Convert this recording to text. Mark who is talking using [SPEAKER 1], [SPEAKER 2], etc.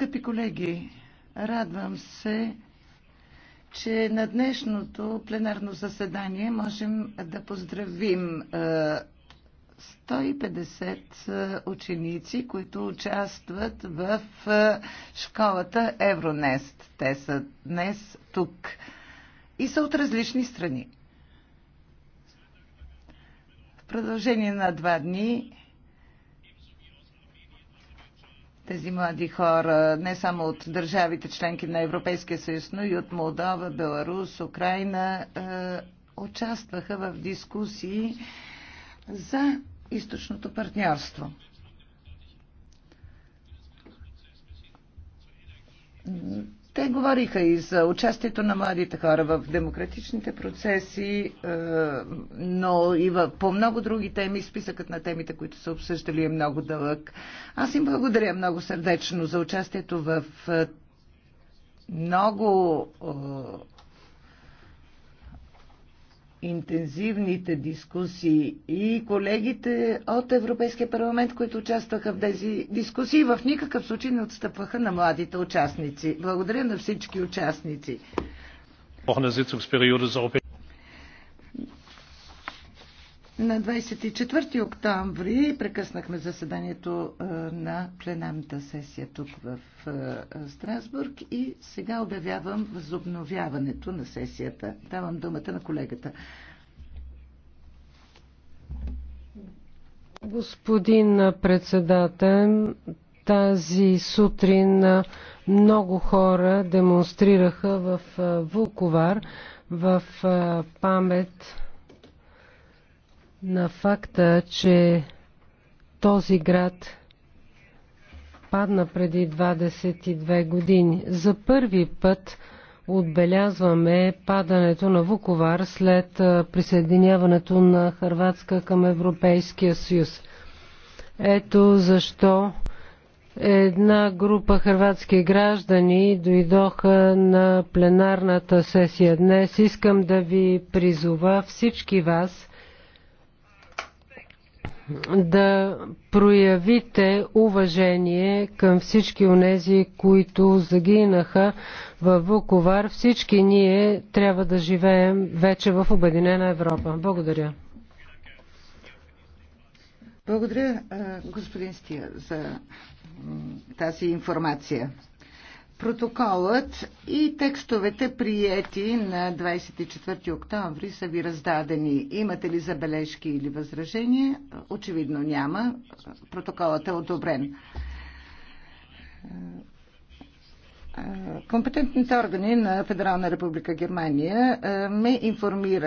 [SPEAKER 1] Скъпи колеги, радвам се, че на днешното пленарно заседание можем да поздравим 150 ученици, които участват в школата Евронест. Те са днес тук и са от различни страни. В продължение на два дни тези млади хора, не само от държавите членки на Европейския съюз, но и от Молдова, Беларус, Украина, е, участваха в дискусии за източното партньорство. говориха и за участието на младите хора в демократичните процеси, е, но и по много други теми. Списъкът на темите, които са обсъждали е много дълъг. Аз им благодаря много сърдечно за участието в е, много е, интензивните дискусии и колегите от Европейския парламент, които участваха в тези дискусии, в никакъв случай не отстъпваха на младите участници. Благодаря на всички участници. На 24 октомври прекъснахме заседанието е, на пленарната сесия тук в е, Страсбург и сега обявявам възобновяването на сесията. Давам думата на колегата.
[SPEAKER 2] Господин председател, тази сутрин много хора демонстрираха в е, Вуковар в памет на факта, че този град падна преди 22 години. За първи път отбелязваме падането на Вуковар след присъединяването на Харватска към Европейския съюз. Ето защо една група хрватски граждани дойдоха на пленарната сесия днес. Искам да ви призова всички вас – да проявите уважение към всички онези, които загинаха в Вуковар. Всички ние трябва да живеем вече в Обединена Европа. Благодаря.
[SPEAKER 1] Благодаря, господин Стия, за тази информация. Протоколът и текстовете приети на 24 октомври са ви раздадени. Имате ли забележки или възражения? Очевидно няма. Протоколът е одобрен. Компетентните органи на Федерална република Германия е, ме информира